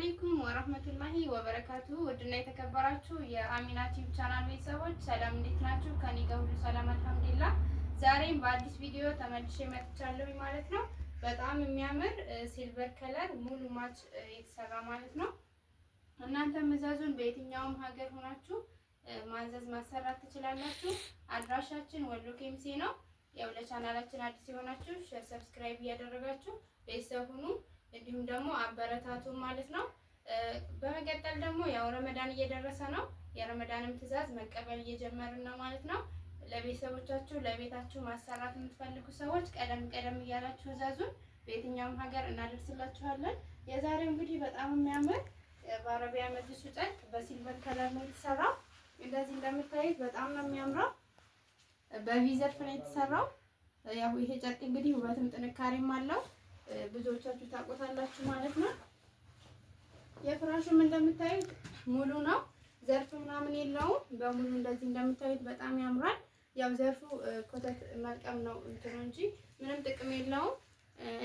አሌይኩም ወረህመቱላሂ ወበረካቱ። ውድና የተከበራችሁ የአሚና ቲዩብ ቻናል ቤተሰቦች ሰላም፣ እንዴት ናችሁ? ከኔ ጋር ሁሉ ሰላም አልሐምዱሊላህ። ዛሬም በአዲስ ቪዲዮ ተመልሼ መጥቻለሁኝ ማለት ነው። በጣም የሚያምር ሲልቨር ከለር ሙሉ ማች የተሰራ ማለት ነው። እናንተ መዛዙን በየትኛውም ሀገር ሆናችሁ ማዘዝ ማሰራት ትችላላችሁ። አድራሻችን ወሎ ኬሚሴ ነው። ያው ለቻናላችን አዲስ የሆናችሁ ሼር፣ ሰብስክራይብ እያደረጋችሁ ቤተሰብ ሁኑ። እንዲሁም ደግሞ አበረታቱ ማለት ነው። በመቀጠል ደግሞ ያው ረመዳን እየደረሰ ነው። የረመዳንም ትዕዛዝ መቀበል እየጀመርን ነው ማለት ነው። ለቤተሰቦቻችሁ ለቤታችሁ ማሰራት የምትፈልጉ ሰዎች ቀደም ቀደም እያላችሁ እዛዙን በየትኛውም ሀገር እናደርስላችኋለን። የዛሬው እንግዲህ በጣም የሚያምር በአረቢያ መጅሱ ጨርቅ በሲልቨር ከለር ነው የተሰራው። እንደዚህ እንደምታዩት በጣም ነው የሚያምረው። በቪዘርፍ ነው የተሰራው። ያው ይሄ ጨርቅ እንግዲህ ውበትም ጥንካሬም አለው። ብዙዎቻችሁ ታቆታላችሁ ማለት ነው። የፍራሹም እንደምታዩት ሙሉ ነው። ዘርፍ ምናምን የለውም። በሙሉ እንደዚህ እንደምታዩት በጣም ያምራል። ያው ዘርፉ ኮተት መልቀም ነው እንትኑ እንጂ ምንም ጥቅም የለውም።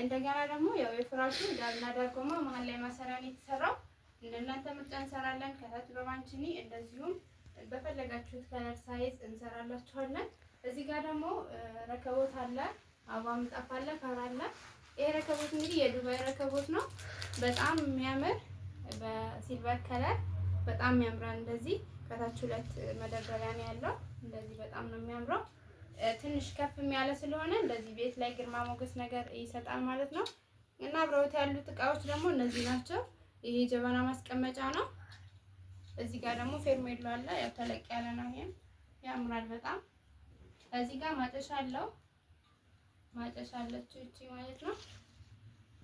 እንደገና ደግሞ ያው የፍራሹ ዳርና ዳር ጎማ መሀል ላይ ማሰሪያ ነው የተሰራው። እንደናንተ ምርጫ እንሰራለን። ከታች በማንችኒ እንደዚሁም በፈለጋችሁት ከለር ሳይዝ እንሰራላችኋለን። እዚህ ጋር ደግሞ ረከቦት አለ፣ አበባ ምንጣፍ አለ፣ ካራ አለ። ይሄ ረከቦት እንግዲህ የዱባይ ረከቦት ነው። በጣም የሚያምር በሲልቨር ከለር በጣም ያምራል። እንደዚህ ከታች ሁለት መደርደሪያ ነው ያለው። እንደዚህ በጣም ነው የሚያምረው። ትንሽ ከፍም ያለ ስለሆነ እንደዚህ ቤት ላይ ግርማ ሞገስ ነገር ይሰጣል ማለት ነው። እና አብረውት ያሉት እቃዎች ደግሞ እነዚህ ናቸው። ይሄ ጀበና ማስቀመጫ ነው። እዚህ ጋር ደግሞ ፌርሜሎ አለ። ያው ተለቅ ያለ ነው። ይሄም ያምራል በጣም። እዚህ ጋር ማጨሻ አለው። ማጨሻ አለችው እቺ ማለት ነው።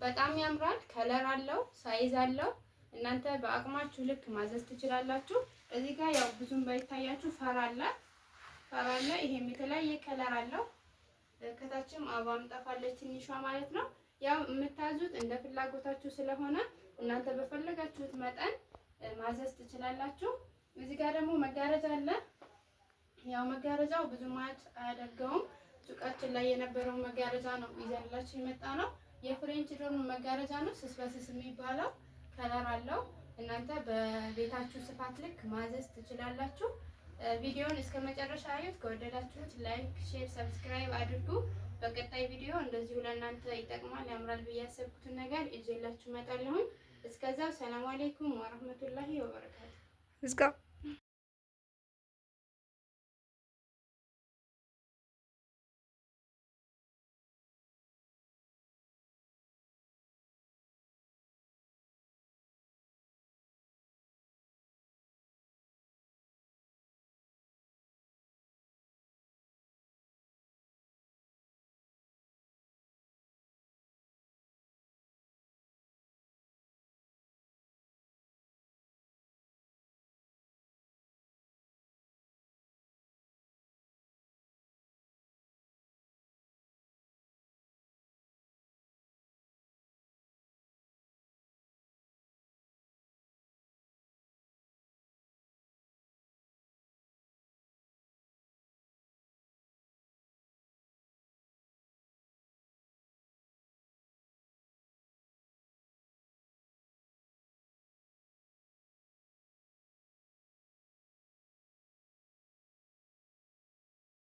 በጣም ያምራል። ከለር አለው፣ ሳይዝ አለው። እናንተ በአቅማችሁ ልክ ማዘዝ ትችላላችሁ። እዚህ ጋር ያው ብዙም ባይታያችሁ ፈር አለ ፈር አለ። ይሄም የተለያየ ከለር አለው። ከታችም አበባም ጠፋለች ትንሿ ማለት ነው። ያው የምታዙት እንደ ፍላጎታችሁ ስለሆነ እናንተ በፈለጋችሁት መጠን ማዘዝ ትችላላችሁ። እዚህ ጋር ደግሞ መጋረጃ አለ። ያው መጋረጃው ብዙ ማለት አያደርገውም ሱቃችን ላይ የነበረው መጋረጃ ነው ይዘንላችሁ የመጣ ነው። የፍሬንች ዶር መጋረጃ ነው። ስስ በስስ የሚባለው ከለር አለው። እናንተ በቤታችሁ ስፋት ልክ ማዘዝ ትችላላችሁ። ቪዲዮውን እስከ መጨረሻ አዩት። ከወደዳችሁት ላይክ፣ ሼር፣ ሰብስክራይብ አድርጉ። በቀጣይ ቪዲዮ እንደዚሁ ለእናንተ ይጠቅማል ያምራል ብዬ ያሰብኩትን ነገር ይዤላችሁ እመጣለሁ። እስከዛው ሰላም አሌይኩም ወረህመቱላሂ ወበረካቱ።